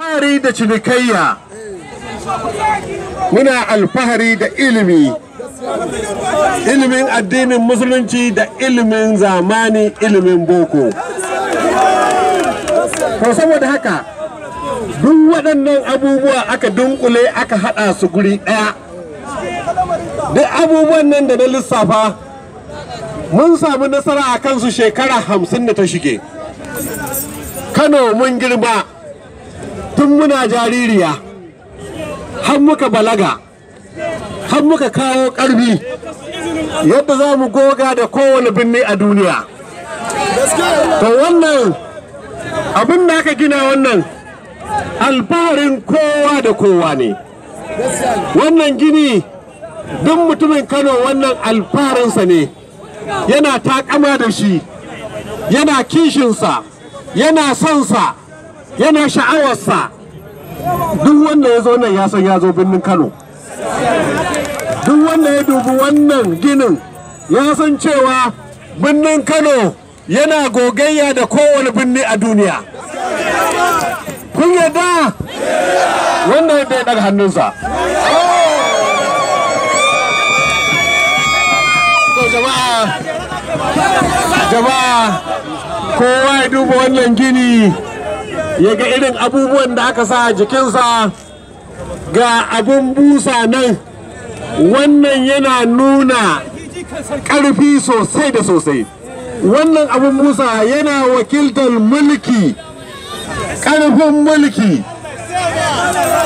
alfahari da cinikayya muna alfahari da ilimi ilimin addinin musulunci da ilimin zamani ilimin boko ko saboda haka duk waɗannan abubuwa aka dunkule aka haɗa su guri ɗaya duk abubuwan nan da na lissafa mun samu nasara a kansu shekara hamsin da ta shige kano mun girma tun muna jaririya har muka balaga har muka kawo ƙarfi yadda za mu goga da kowane birni a duniya to wannan abin da aka gina wannan alfaharin kowa da kowa ne wannan gini duk mutumin kano wannan alfaharinsa ne yana takama da shi yana kishinsa yana sonsa yana sha'awarsa duk wanda ya zo nan ya san ya zo birnin kano duk wanda ya dubi wannan ginin ya san cewa birnin kano yana gogayya da kowane birni a duniya kun yadda wanda ya daga hannunsa jama'a jama'a kowa ya duba wannan gini ya ga irin abubuwan da aka sa a jikinsa ga abin busa nan wannan yana nuna ƙarfi sosai da sosai wannan abin busa yana wakiltar mulki ƙarfin mulki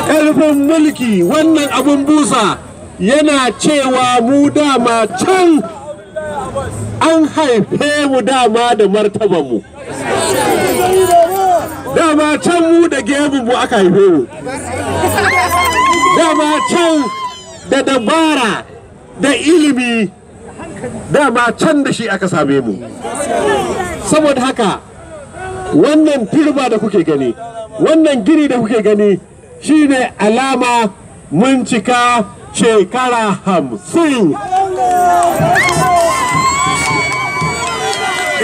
ƙarfin mulki wannan abin busa yana cewa mu dama can an haife mu dama da mu. da gemun mu aka haife mu dama can da dabara da ilimi dama can da shi aka same mu saboda haka wannan firma da kuke gani wannan gini da kuke gani shine alama mun cika shekara hamsin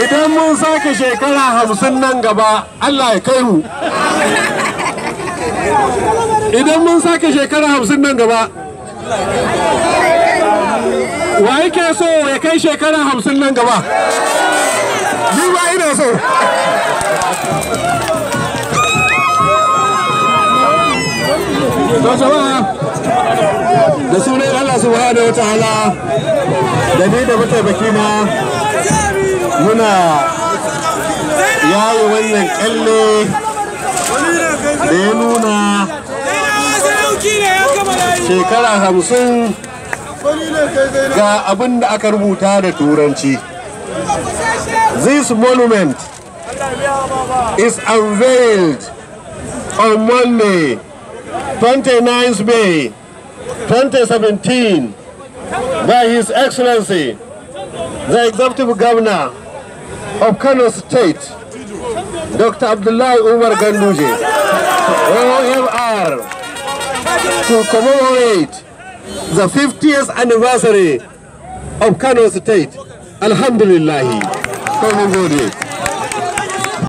idan mun sake shekara hamsin nan gaba Allah ya kai mu idan mun sake shekara hamsin nan gaba wa yake so ya kai shekara hamsin nan gaba ni ba ina so da sunan Allah subhanahu wa ta'ala da ni da mataimaki na suna yayi wannan kalle da ya nuna shekara hamsin ga abin da aka rubuta da turanci this monument is unveiled on monday 29th may 2017 by his excellency the executive governor of Kano State, Dr. Abdullah Umar Ganduji, OMR, to commemorate the 50th anniversary of Kano State. Alhamdulillah. Come